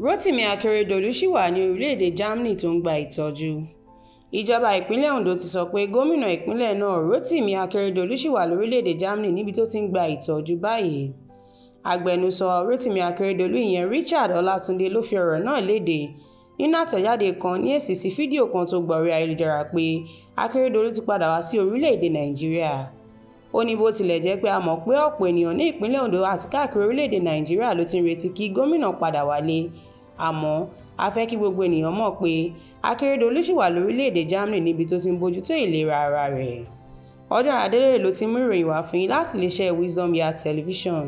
Rotimi Akeredolu ṣì wà ní orílẹ̀-èdè Germany tó ń gba ìtọ́jú ìjọba ìpínlẹ̀ Ondo ti sọ pé gómìnà ìpínlẹ̀ náà Rotimi Akeredolu ṣì wà lórílẹ̀-èdè Germany níbi tó ti ń gba ìtọ́jú báyìí agbẹnusọ Rotimi Akeredolu ìyẹn Richard Ọlátúndé ló fi ọ̀rọ̀ náà léde nínú àtẹ̀jáde kan ní èsì sí fídíò kan tó gba orí ayélujára pé Akeredolu ti padà wá sí orílẹ̀-èdè Nàìjíríà ó ní bó tilẹ̀ jẹ́ pé a mọ̀ pé ọ̀pọ̀ ènìyàn ní ìpínlẹ̀ Ondo àti káàkiri orílẹ̀-èdè Nàìjíríà ló ti ń retí kí gómìnà padà wálé àmọ́ a fẹ́ kí gbogbo ènìyàn mọ̀ pé Akérédolú ṣì wà lórílẹ̀-èdè Germany níbi tó ti ń bójútó ìlera ara rẹ̀ Ọjọ́ Adélèrè ló ti mú ìròyìn wá fún yín láti iléeṣẹ́ Wisdom Yard Television.